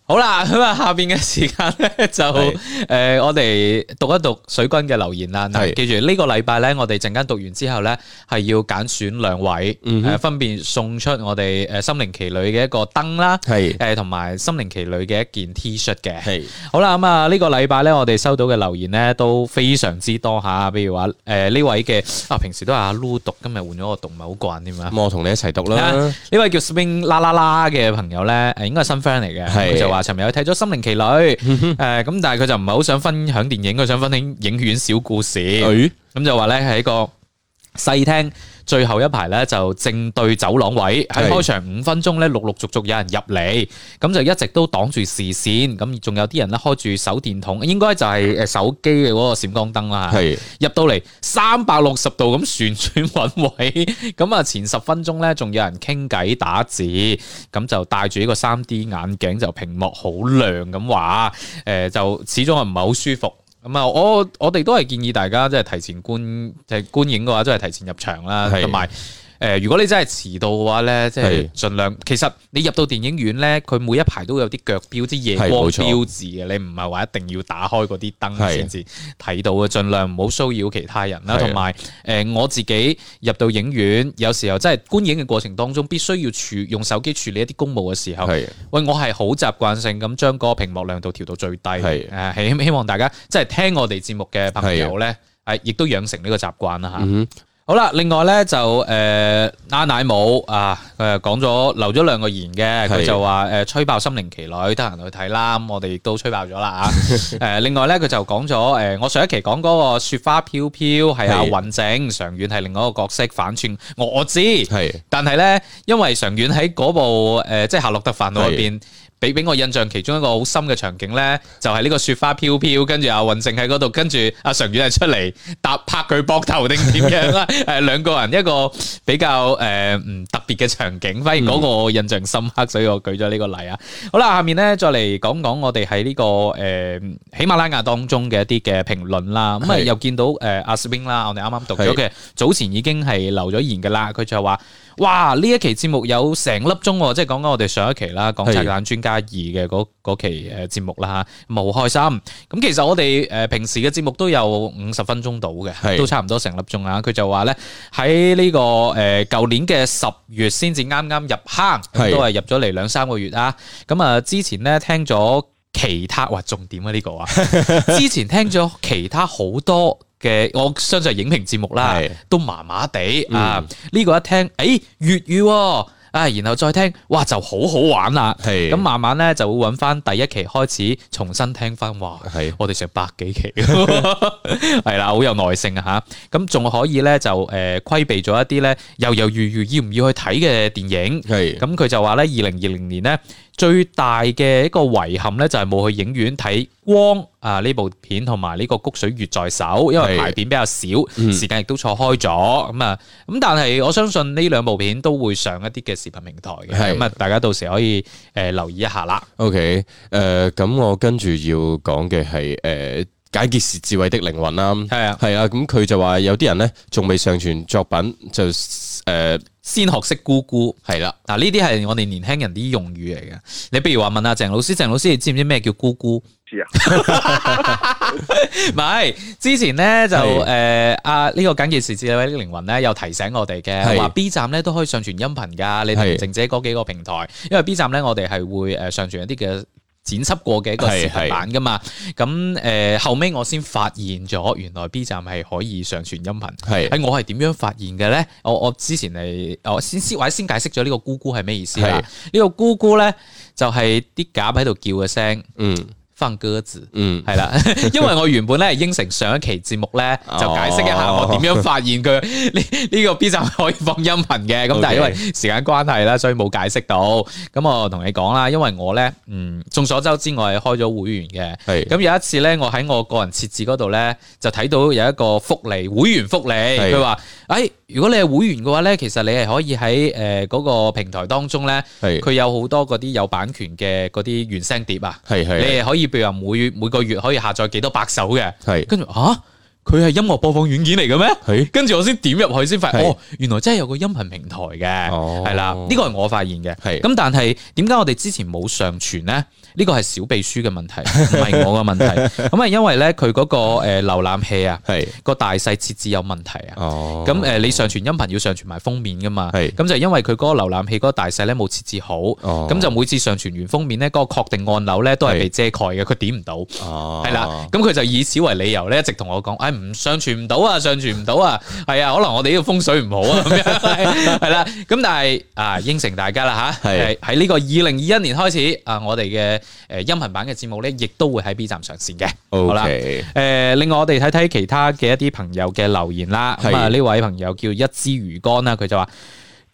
好啦，咁啊，下邊嘅時間咧就誒，我哋讀一讀水軍嘅留言啦。係，記住呢個禮拜咧，我哋陣間讀完之後咧，係要揀選兩位，分別送出我哋誒心靈奇旅嘅一個燈啦，係，誒，同埋心靈奇旅嘅一件 T 恤嘅。係，好啦，咁啊，呢個禮拜咧，我哋收到嘅留言咧都非常之多吓，譬如話誒呢位嘅啊，平時都係阿 Lulu 讀，今日換咗個讀，唔係好慣添啊。咁我同你一齊讀啦。呢位叫 Spring 啦啦啦嘅朋友咧，誒，應該係新 friend 嚟嘅。話尋日有睇咗《心靈奇旅》，誒咁，但係佢就唔係好想分享電影，佢想分享影院小故事。咁對、嗯、就話咧，係一個細廳。最後一排咧就正對走廊位，喺是開場五分鐘咧陸陸續續有人入嚟，咁就一直都擋住視線，咁仲有啲人咧開住手電筒，應該就係誒手機嘅嗰個閃光燈啦。係入到嚟三百六十度咁旋轉揾位，咁啊前十分鐘咧仲有人傾偈打字，咁就戴住呢個 3D 眼鏡就屏幕好亮咁話，誒、欸、就始終係唔係好舒服。咁啊，我我哋都係建議大家即係提前觀即係觀影嘅話，即係提前入場啦，同埋。誒，如果你真係遲到嘅話咧，即係盡量。是其實你入到電影院咧，佢每一排都有啲腳標，即夜光標誌嘅。你唔係話一定要打開嗰啲燈先至睇到嘅。盡量唔好騷擾其他人啦。同埋誒，我自己入到影院，有時候真係觀影嘅過程當中，必須要處用手機處理一啲公務嘅時候，是喂，我係好習慣性咁將個屏幕亮度調到最低。誒是，希望大家即係聽我哋節目嘅朋友咧，誒，亦都養成呢個習慣啦嚇。是嗯嗯好啦，另外咧就誒阿奶母啊，佢係講咗留咗兩個言嘅，佢是的 就話誒、呃、吹爆心靈奇旅，得閒去睇啦。我哋亦都吹爆咗啦啊！誒， 另外咧佢就講咗誒，我上一期講嗰個雪花飄飄係阿雲靜，啊、雲是的 常遠係另外一個角色反串，我我知，係是的，但係咧因為常遠喺嗰部誒、呃、即係夏洛特煩惱入邊。是的 俾俾我印象，其中一個好深嘅場景咧，就係、是、呢個雪花飄飄，跟住阿云靜喺嗰度，跟住阿常宇係出嚟搭拍佢膊頭定點樣啦？誒，兩個人一個比較誒，嗯、呃，特別嘅場景。反而嗰個印象深刻，所以我舉咗呢個例啊。好啦，下面咧再嚟講講我哋喺呢個誒、呃、喜馬拉雅當中嘅一啲嘅評論啦。咁啊是又見到誒、呃、阿 Swing 啦，我哋啱啱讀咗嘅，是早前已經係留咗言噶啦。佢就話。哇！呢一期節目有成粒鐘喎，即係講緊我哋上一期啦，講拆彈專家二嘅嗰期誒節目啦嚇，冇開是的 心。咁其實我哋誒平時嘅節目都有五十分鐘到嘅，是的 都差唔多成粒鐘啊。佢就話咧喺呢個誒舊年嘅十月先至啱啱入坑，是的 都係入咗嚟兩三個月啊。咁啊之前咧聽咗其他，哇重點啊呢個啊，之前聽咗其他好多，嘅我相信影評節目啦，都麻麻地啊！呢、呢個一聽，誒粵語啊，啊然後再聽，哇就好好玩啊！咁是的 慢慢咧就會揾翻第一期開始重新聽翻話，係是的 我哋成百幾期，係啦， 好有耐性啊吓！咁仲可以咧就誒、呃、規避咗一啲咧猶猶豫豫要唔要去睇嘅電影，係咁佢就話咧二零二零年咧。最大嘅一個遺憾咧，就係冇去影院睇光啊呢部片同埋呢個谷水月在手，因為排片比較少，嗯、時間亦都錯開咗。咁啊，咁但係我相信呢兩部片都會上一啲嘅視頻平台嘅，咁啊的，大家到時可以誒、呃、留意一下啦。O K，誒，咁我跟住要講嘅係誒，簡、呃、潔是智慧的靈魂啦。係啊的，係啊的，咁佢就話有啲人咧，仲未上傳作品就。誒、呃，先學識姑姑係啦，嗱呢啲係我哋年輕人啲用語嚟嘅。你不如話問阿鄭老師，鄭老師你知唔知咩叫姑姑？知啊，唔係之前咧就誒，阿呢個簡潔時節位啲靈魂咧，有提醒我哋嘅，話的 B 站咧，都可以上傳音頻噶，你唔淨止嗰幾個平台，的因為 B 站咧，我哋係會誒上傳一啲嘅。剪輯過嘅一個視頻版噶嘛，咁誒係係、嗯、後尾我先發現咗，原來 B 站係可以上傳音頻。係係係我係點樣發現嘅咧？我我之前嚟，我先先或者先解釋咗呢個咕咕係咩意思啦。係係，個咕咕呢個咕咕咧就係啲鴿喺度叫嘅聲。嗯。放鴿子，嗯，係啦，因為我原本咧係應承上一期節目咧，哦、就解釋一下我點樣發現佢呢呢個 B 站可以放音頻嘅，咁、哦 okay. 但係因為時間關係啦，所以冇解釋到。咁我同你講啦，因為我咧，嗯，眾所周知我係開咗會員嘅，係的。咁有一次咧，我喺我個人設置嗰度咧，就睇到有一個福利會員福利，佢話的，誒。哎如果你係會員嘅話咧，其實你係可以喺誒嗰個平台當中咧，佢係有好多嗰啲有版權嘅嗰啲原聲碟啊，係你係可以譬如話每每個月可以下載幾多百首嘅，跟住嚇。佢係音樂播放軟件嚟嘅咩？跟住我先點入去先，發現哦，原來真係有個音頻平台嘅。哦，係啦，呢個係我發現嘅。咁但係點解我哋之前冇上傳呢？呢個係小秘書嘅問題，唔係我嘅問題。咁係因為咧，佢嗰個誒瀏覽器啊，係個大細設置有問題啊。咁誒，你上傳音頻要上傳埋封面㗎嘛？咁就因為佢嗰個瀏覽器嗰個大細咧冇設置好。咁就每次上傳完封面呢，嗰個確定按鈕咧都係被遮蓋嘅，佢點唔到。哦。係啦。咁佢就以此為理由咧，一直同我講，唔上傳唔到啊，上傳唔到啊，係啊，可能我哋呢個風水唔好啊，咁樣係啦，咁但係啊，啊應承大家啦吓，係喺呢個二零二一年開始啊，我哋嘅誒音頻版嘅節目呢，亦都會喺 B 站上線嘅。Okay. 好啦，誒、呃，另外我哋睇睇其他嘅一啲朋友嘅留言啦。啊，呢位朋友叫一支魚竿啦，佢就話。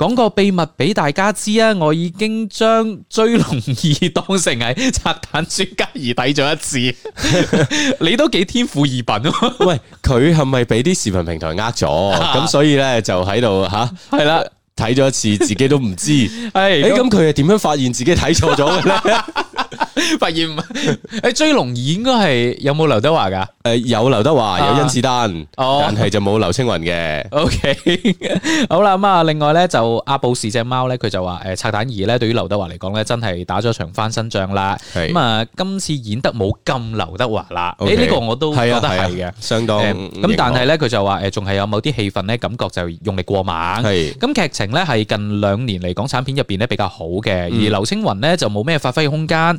講個秘密俾大家知啊！我已經將追龍二當成係拆彈專家二睇咗一次， 你都幾天賦異稟咯！ 喂，佢係咪俾啲視頻平台呃咗？咁、啊、所以咧就喺度吓，係、啊、啦。的睇咗一次，自己都唔知。誒，咁佢係點樣發現自己睇錯咗嘅咧？發現誒，追龍二應該係有冇劉德華噶？誒，有劉德華，有甄子丹，哦，但係就冇劉青雲嘅。O K，好啦，咁啊，另外咧就阿布士隻貓咧，佢就話誒，拆彈二咧，對於劉德華嚟講咧，真係打咗場翻身仗啦。咁啊，今次演得冇咁劉德華啦。誒，呢個我都覺得係嘅，相當。咁但係咧，佢就話誒，仲係有某啲戲份咧，感覺就用力過猛。係咁劇情。咧係近兩年嚟港產片入邊咧比較好嘅，而劉青雲呢，就冇咩發揮空間。誒，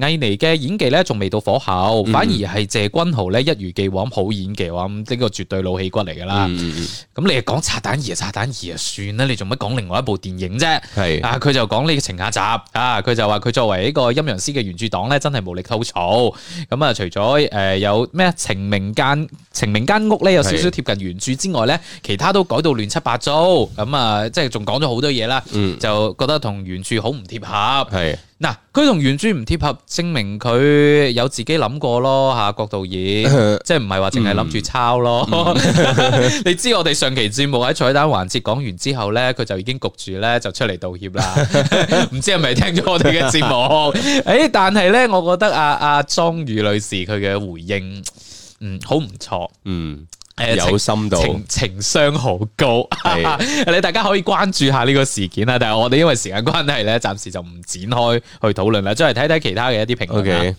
魏妮嘅演技咧仲未到火候，反而係謝君豪咧一如既往好演技嘅話，咁呢個絕對老戲骨嚟噶啦。咁你又講《拆彈》二，《拆彈》二啊算啦，你做乜講另外一部電影啫？係啊，佢就講呢個《晴雅集》啊，佢就話佢作為一個《陰陽師》嘅原著黨咧，真係無力吐槽。咁啊，除咗誒有咩情晴明間晴明間屋咧有少少貼近原著之外咧，其他都改到亂七八糟。咁啊？即係仲講咗好多嘢啦，嗯、就覺得同原著好唔貼合。係嗱是，佢同原著唔貼合，證明佢有自己諗過咯，吓郭導演，嗯、即係唔係話淨係諗住抄咯。嗯嗯、 你知我哋上期節目喺彩蛋環節講完之後咧，佢就已經焗住咧就出嚟道歉啦。唔、嗯、 知係咪聽咗我哋嘅節目？誒， 但係咧，我覺得阿阿莊宇女士佢嘅回應，嗯，好唔錯，嗯。有深度，情商好高，是的 你大家可以關注下呢個事件啦。但係我哋因為時間關係咧，暫時就唔展開去討論啦。再嚟睇睇其他嘅一啲評論啦。誒、okay,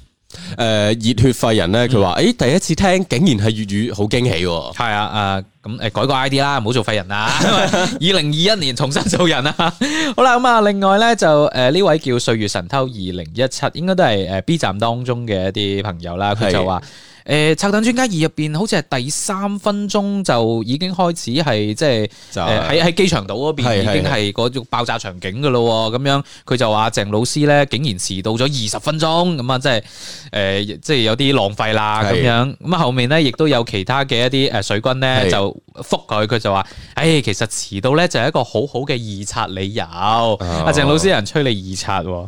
呃，熱血廢人咧，佢話：誒，第一次聽竟然係粵語，好驚喜。係啊，誒，咁、呃、誒、嗯，改個 I D 啦，唔好做廢人啦。二零二一年重新做人啦。 好啦，咁、嗯、啊，另外咧就誒呢、呃、位叫歲月神偷二零一七，應該都係誒 B 站當中嘅一啲朋友啦。佢就話。誒、呃、拆彈專家二入邊，好似係第三分鐘就已經開始係即係喺喺機場島嗰邊已經係嗰種爆炸場景㗎咯，咁樣佢就話鄭老師咧竟然遲到咗二十分鐘，咁啊、呃、即係誒即係有啲浪費啦咁樣。咁啊是是 後面咧亦都有其他嘅一啲誒水軍咧就覆佢，佢就話：誒、哎、其實遲到咧就係一個好好嘅二刷理由。阿、哦、鄭老師有人催你二刷喎。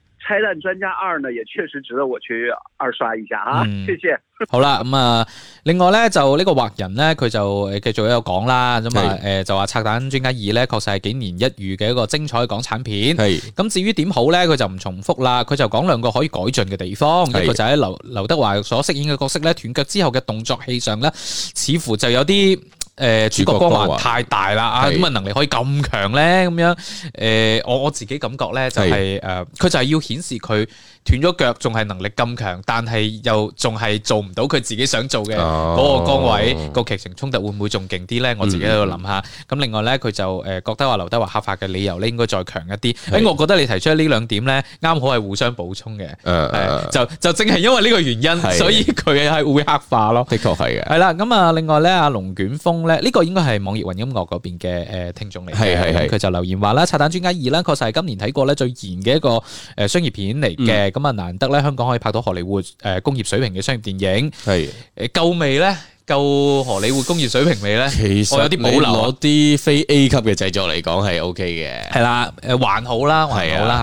拆彈專家二呢，也確實值得我去二刷一下啊！謝謝。好啦，咁、嗯、啊，另外呢，就呢、這個畫人呢，佢就誒繼、呃、續有講啦，咁啊誒就話拆彈專家二呢，確實係幾年一遇嘅一個精彩港產片。係咁的至於點好呢？佢就唔重複啦，佢就講兩個可以改進嘅地方，的一個就喺劉劉德華所飾演嘅角色呢，斷腳之後嘅動作戲上呢，似乎就有啲。誒、呃、主角光環太大啦是啊！點解能力可以咁強咧？咁樣誒，我、呃、我自己感覺咧就係、是、誒，佢是、呃、就係要顯示佢。斷咗腳仲係能力咁強，但係又仲係做唔到佢自己想做嘅嗰個崗位，個劇、哦、情衝突會唔會仲勁啲呢？我自己喺度諗下。咁、嗯、另外呢，佢就誒覺得話劉德華黑化嘅理由咧，應該再強一啲。誒、嗯，我覺得你提出呢兩點呢，啱好係互相補充嘅，、呃、嗯。就就正係因為呢個原因，的所以佢係會黑化咯。的確係嘅。係啦，咁啊，另外呢，阿龍捲風呢、呢、這個應該係網易雲音樂嗰邊嘅誒聽眾嚟嘅。佢的的就留言話啦，《拆彈專家二》啦，確實係今年睇過咧最嚴嘅一個誒商業片嚟嘅。嗯咁呀，難得咧，香港可以拍到荷里活誒工業水平嘅商業電影，係誒夠味咧。夠荷里活工業水平未咧？其實我有啲保留，攞啲非 A 級嘅製作嚟講係 OK 嘅，係啦，誒還好啦，還好啦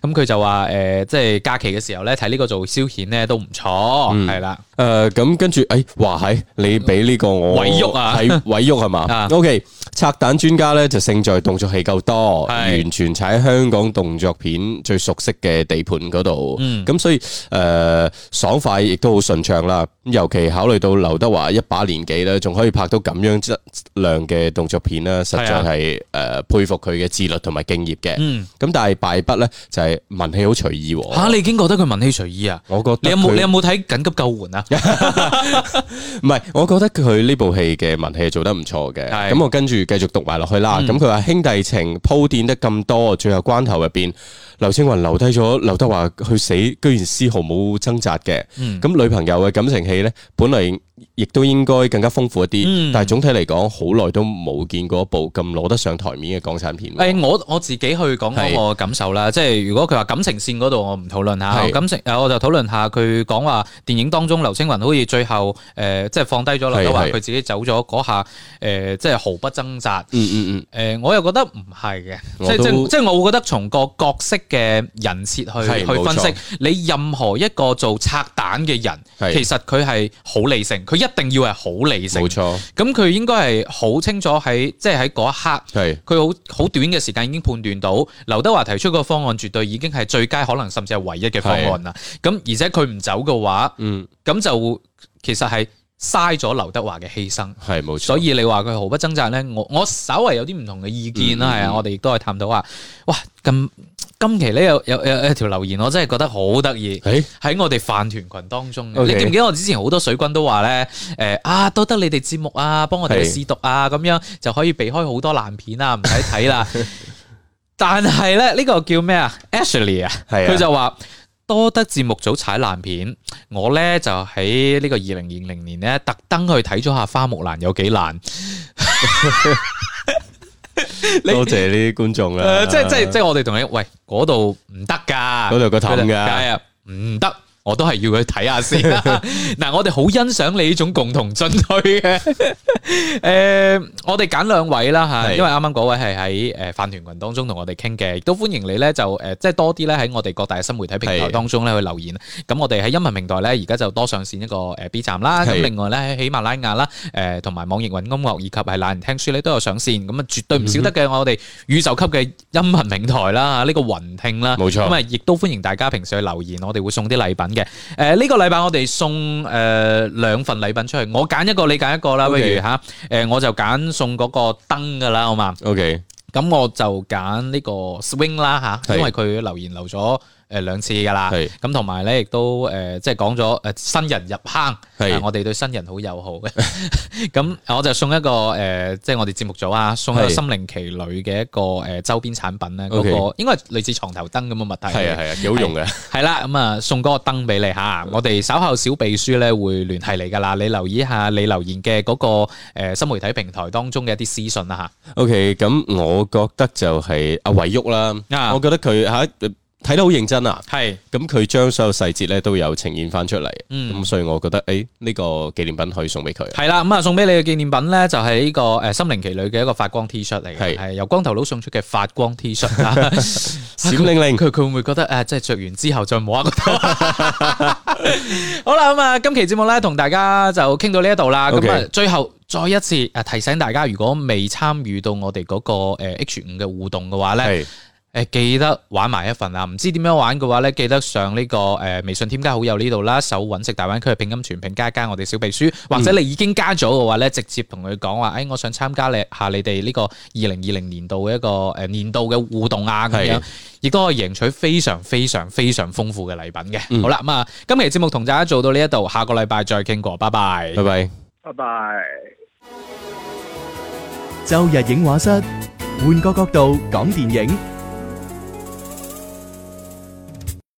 吓。咁佢就話誒，即係假期嘅時候咧，睇呢個做消遣咧都唔錯，係啦。誒，咁跟住誒，哇係，你俾呢個我偉玉啊，係偉玉係嘛？OK，拆彈專家咧就勝在動作戲夠多，完全踩喺香港動作片最熟悉嘅地盤嗰度，咁所以誒爽快亦都好順暢啦。咁尤其考慮到劉德華一把年紀啦，仲可以拍到咁樣質量嘅動作片啦，實在係誒是、啊呃、佩服佢嘅自律同埋敬業嘅。咁、嗯、但係敗筆咧，就係、是、文氣好隨意、啊。吓、啊，你已經覺得佢文氣隨意啊？我覺得你有冇你有冇睇緊急救援啊？唔係， 我覺得佢呢部戲嘅文氣係做得唔錯嘅。咁是、啊、我跟住繼續讀埋落去啦。咁佢話兄弟情鋪墊得咁多，最後關頭入邊，劉青雲留低咗劉德華去死，居然絲毫冇掙扎嘅。咁、嗯、女朋友嘅感情戲咧，本嚟亦都。應該更加豐富一啲，但係總體嚟講，好耐都冇見過一部咁攞得上台面嘅港產片。誒，我我自己去講下我嘅感受啦，即係如果佢話感情線嗰度我唔討論下，感情誒，我就討論下佢講話電影當中劉青雲好似最後誒，即係放低咗劉德華，佢自己走咗嗰下，誒，即係毫不掙扎。嗯嗯誒，我又覺得唔係嘅，即係即係，即係我會覺得從個角色嘅人設去去分析，你任何一個做拆彈嘅人，其實佢係好理性，佢一定要。係好理性，冇錯錯。咁佢應該係好清楚喺，即係喺嗰一刻，係佢好好短嘅時間已經判斷到劉德華提出個方案絕對已經係最佳可能，甚至係唯一嘅方案啦。咁是而且佢唔走嘅話，嗯，咁就其實係。嘥咗劉德華嘅犧牲係冇錯，所以你話佢毫不掙扎咧，我我稍微有啲唔同嘅意見啦，係啊，我哋亦都係探討啊，哇！咁今期呢，有有有一條留言，我真係覺得好得意，喺我哋飯團群當中，你記唔記得我之前好多水軍都話咧，誒啊都得你哋節目啊，幫我哋試毒啊，咁樣就可以避開好多爛片啊，唔使睇啦。但係咧呢個叫咩啊 Ashley 啊，佢就話。多得節目組踩爛片，我咧就喺呢個二零二零年咧特登去睇咗下《花木蘭》有幾爛。多謝呢啲觀眾啦，啊呃！即即即我哋同你喂嗰度唔得噶，嗰度個頭噶，唔得。我都係要去睇下先。嗱，我哋好欣賞你呢種共同進退嘅。誒，我哋揀兩位啦吓，因為啱啱嗰位係喺誒飯團群當中同我哋傾嘅，亦都歡迎你咧就誒即係多啲咧喺我哋各大嘅新媒體平台當中咧去留言。咁我哋喺音頻平台咧而家就多上線一個誒 B 站啦。咁另外咧喺喜馬拉雅啦，誒同埋網易雲音樂以及係懶人聽書咧都有上線。咁啊絕對唔少得嘅我哋宇宙級嘅音頻平台啦，呢個雲聽啦，冇錯。咁啊亦都歡迎大家平時去留言，我哋會送啲禮品。嘅，誒呢個禮拜我哋送誒兩份禮品出去，我揀一個你揀一個啦，不如吓，誒我就揀送嗰個燈㗎喇，好嘛？OK，咁我就揀呢個 Swing 啦吓，因為佢留言留咗。誒，兩次噶啦，咁同埋咧，亦都誒，即係講咗誒，新人入坑，我哋對新人好友好嘅。咁我就送一個誒，即係我哋節目組啊，送一個心靈奇旅嘅一個誒周邊產品咧，嗰個應該係類似床頭燈咁嘅物體。係啊係啊，幾好用嘅。係啦，咁啊，送嗰個燈俾你吓，我哋稍後小秘書咧會聯繫你噶啦，你留意下你留言嘅嗰個誒新媒體平台當中嘅一啲私信啦吓。O K，咁我覺得就係阿偉旭啦，我覺得佢吓。睇得好認真啊，係咁佢將所有細節咧都有呈現翻出嚟，咁、嗯、所以我覺得誒呢、欸這個紀念品可以送俾佢。係啦，咁啊送俾你嘅紀念品咧就係呢個誒心靈奇旅嘅一個發光 T 恤嚟嘅，係是由光頭佬送出嘅發光 T 恤啦。閃令令，佢佢會唔會覺得誒、啊，即係着完之後再摸下個頭？ 好啦，咁啊今期節目咧同大家就傾到呢一度啦，咁啊 Okay. 最後再一次啊提醒大家，如果未參與到我哋嗰個誒 H 五嘅互動嘅話咧。的誒，記得玩埋一份啦！唔知點樣玩嘅話咧，記得上呢、這個誒、呃、微信添加好友呢度啦，搜搵食大灣區拼音全拼加加我哋小秘書，嗯、或者你已經加咗嘅話咧，直接同佢講話，誒、哎，我想參加你下你哋呢個二零二零年度嘅一個誒、呃、年度嘅互動啊，咁樣亦都可以贏取非常非常非常豐富嘅禮品嘅。嗯、好啦，咁、嗯、啊，今期節目同大家做到呢一度，下個禮拜再傾過，拜拜，拜拜，拜拜。周日影畫室，換個角度講電影。